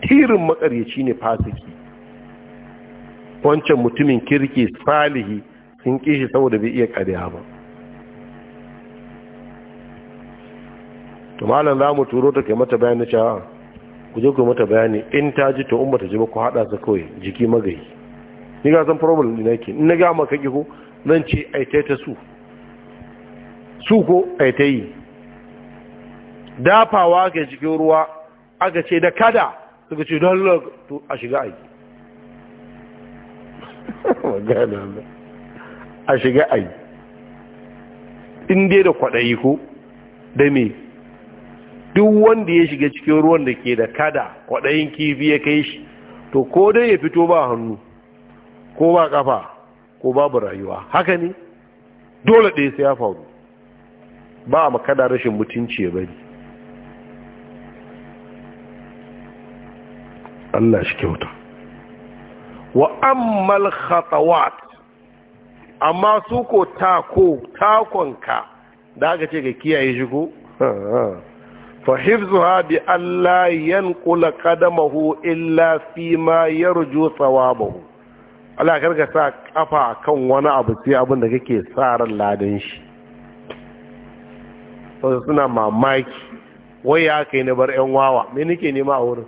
tirin makaryaci ne fasiki wancan mutumin kirki salihi sun kishi saboda bai iya kariya ba to malam za mu turo ta kai mata bayani cewa ku je ku mata bayani in ta ji to in ji ba ku hada su kawai jiki magayi ni ga san problem ɗin nake in na ga maka ko zan ce ai ta su su ko ai ta yi dafawa ga cikin ruwa aka ce da kada suka ce don lokacin a shiga aiki yi. a shiga a yi. dai da kwaɗayi ko da me duk wanda ya shiga cikin ruwan da ke da kada kwaɗayin kifi ya kai shi to ko dai ya fito ba hannu ko ba kafa, ko babu rayuwa haka ne dole ɗaya sai ya faru ba a makada rashin mutunci ya bari Allah shi kyauta wa ammal khatawat amma su ko tako takonka da aka ce ga kiyaye shi ko fa ha bi Allah yanqula qadamahu illa fi ma yarju thawabahu Allah karka sa kafa kan wani abu sai abin kake sa ran ladan shi sau suna mamaki wai ya kai na bar 'yan wawa me nake nema a wurin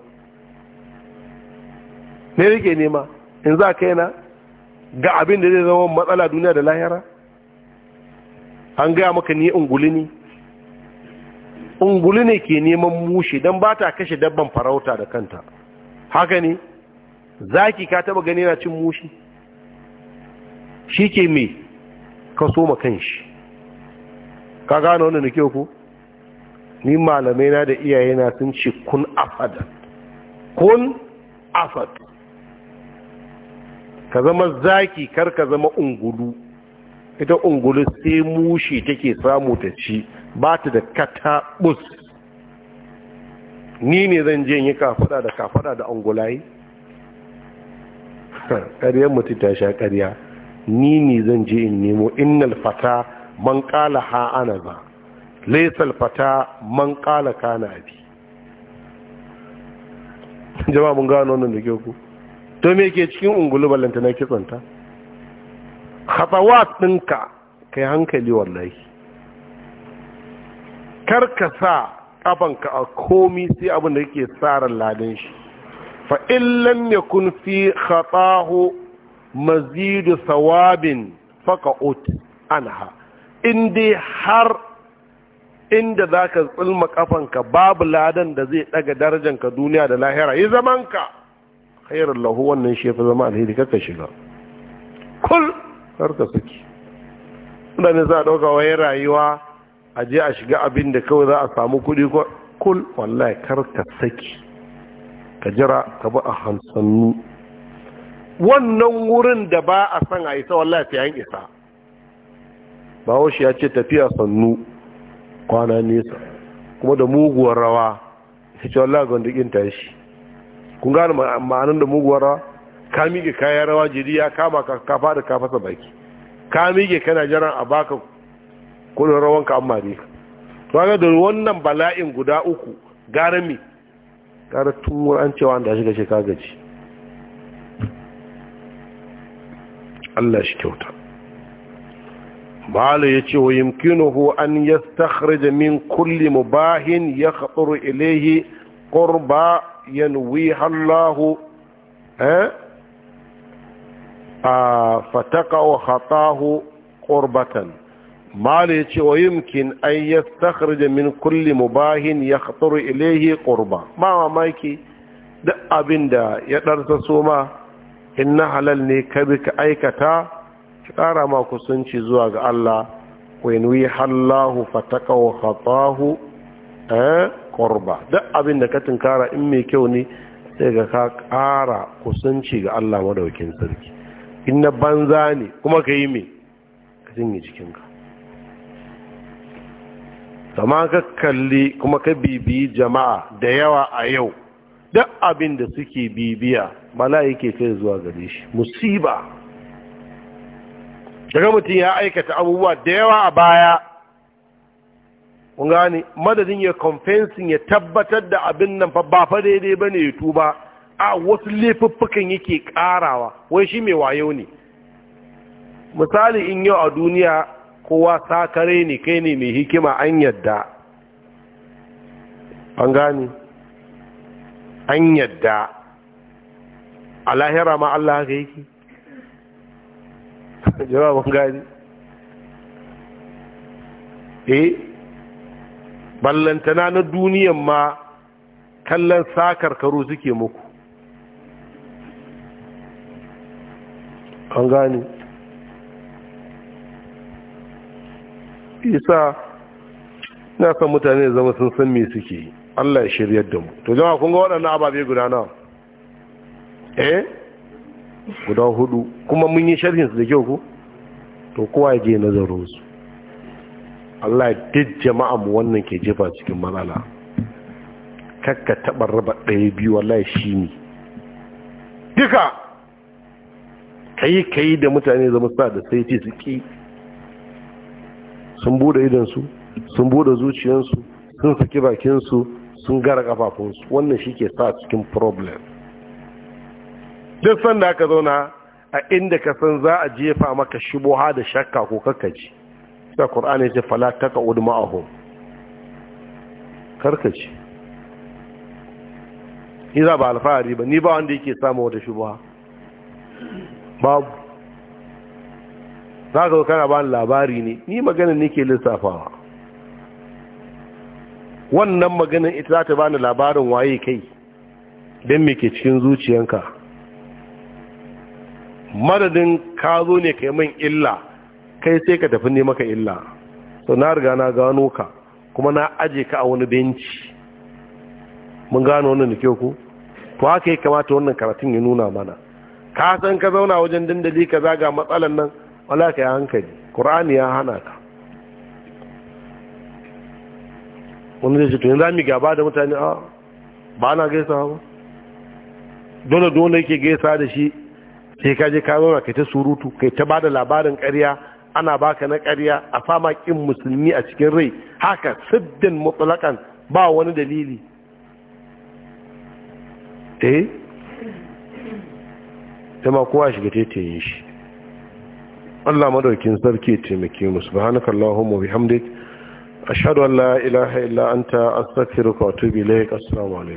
me nake nema in za ka yana ga abin da zai zama matsala duniya da lahira an gaya maka ni unguli ne unguli ne ke neman mushe don ba ta kashe dabban farauta da kanta haka ne zaki ka taba gani yana cin mushi shi ke mai kaso ma kan shi ka gane wannan da kyau ku ni malamai na da iyaye na sun ce kun afada kun afad ka zama zaki kar ka zama ungulu ita ungulu sai mushi take samu ta ci ba ta da katabus ni ne zan je yi kafada da kafada da ungulayi ƙaryar mutu ta sha ƙarya ni ne zan je in nemo innal fata man ƙala ha ana ba laisal fata man ƙala kana abi jama mun gano nan da ke to me ke cikin ungulu ballanta na kitsanta khatawat dinka kai hankali wallahi karka sa kafanka a komi sai abin da yake tsara ladin shi fa illan yakun fi khatahu mazidu thawabin ut anha in dai har inda za ka tsulma kafanka babu ladan da zai daga darajanka duniya da lahira yi zamanka khairar lahu wannan shefa zama alheri kakka shiga kul karka suke ne za a ɗauka wai rayuwa a je a shiga abin da kawai za a samu kuɗi ko kul wallahi karka saki ka jira ka bi a hansannu wannan wurin da ba a san a isa wallahi sai an isa shi ya ce tafiya sannu kwana nesa kuma da muguwar rawa ya ce wallah ga duk tashi kun gane ma'anin da muguwar rawa ka mige kayan rawa jiri ya kama ka kafa da kafasa baki ka mige kana jiran a baka kudin rawan ka amma ne to da wannan bala'in guda uku gara mi gara tun an cewa an da shiga ka gaji Allah shi kyauta bala ya ce wa yimkinuhu an yastakhrija min kulli mubahin ya khaturu ilaihi qurba yanwi Allahu eh a fataqa'u khatahu qurbatan bala ya ce wa yimkin an yastakhrija min kulli mubahin ya khaturu ilayhi qurba Ba mamaki duk abinda ya so ma, in na halal ne ka bi ka aikata ki ƙara ma kusanci zuwa ga Allah wai nuyi hallahu fataqaw khatahu eh qurba duk abin da ka tunkara in mai kyau ne sai ga ka ƙara kusanci ga Allah madaukin sarki in na banza ne kuma ka yi me ka jinye jikinka sama ka kalli kuma ka bibiyi jama'a da yawa a yau duk abin da suke bibiya bala yake kai zuwa gare shi musiba daga mutum ya aikata abubuwa da yawa a baya kun madadin ya convincing ya tabbatar da abin nan fa ba fa daidai bane ya tuba a wasu laifuffukan yake karawa wai shi mai wayo ne misali in yau a duniya kowa sakare ne kai ne mai hikima an yadda an gani an yadda a lahira ma Allah haka yake jawabin gani e eh, ballantana na duniyan ma kallon sakar karo suke muku an gani isa na san mutane zama sun san me suke Allah ya shiryar da mu to jama'a kun ga waɗannan ababe guda nawa eh guda hudu kuma mun yi sharhin su da kyau ko to kowa ya je nazarin su Allah duk jama'a mu wannan ke jefa cikin matsala kakka taɓa raba ɗaya biyu wallahi shi ne duka kai-kai da mutane zama sa da sai ce su sun bude idansu sun bude zuciyansu sun saki bakinsu sun gara kafafunsu wannan shi ke sa cikin problem duk sanda ka zauna a inda ka san za a jefa maka shubuha da shakka ko kakkaci da qur'ani ya ce fala taqud ma'ahum karkaci iza ba alfahari ba ni ba wanda yake samu wata shubuha babu za ka kana ba labari ne ni maganin nake lissafawa wannan maganin ita za ta bani labarin waye kai don me ke cikin zuciyanka madadin ka zo ne ka yi min illa kai sai ka tafi ne maka illa so na riga na gano ka kuma na aje ka a wani benci mun gano wannan da ke ku to haka ya kamata wannan karatun ya nuna mana ka san ka zauna wajen dandali ka zaga matsalan nan wala ka yi hankali qur'ani ya hana ka wani zai ce to yanzu mu gaba da mutane a ah, ba na gaisa ba dole dole yake gaisa da shi sai ka je ka zauna kai ta surutu kai ta bada labarin ƙarya ana baka na ƙarya a fama kin musulmi a cikin rai haka siddin mutsalakan ba wani dalili eh ma kowa shiga tetayin shi Allah madaukin sarki taimake mu subhanaka allahumma bihamdik ashhadu an la ilaha illa anta astaghfiruka wa atubu ilayk assalamu alaikum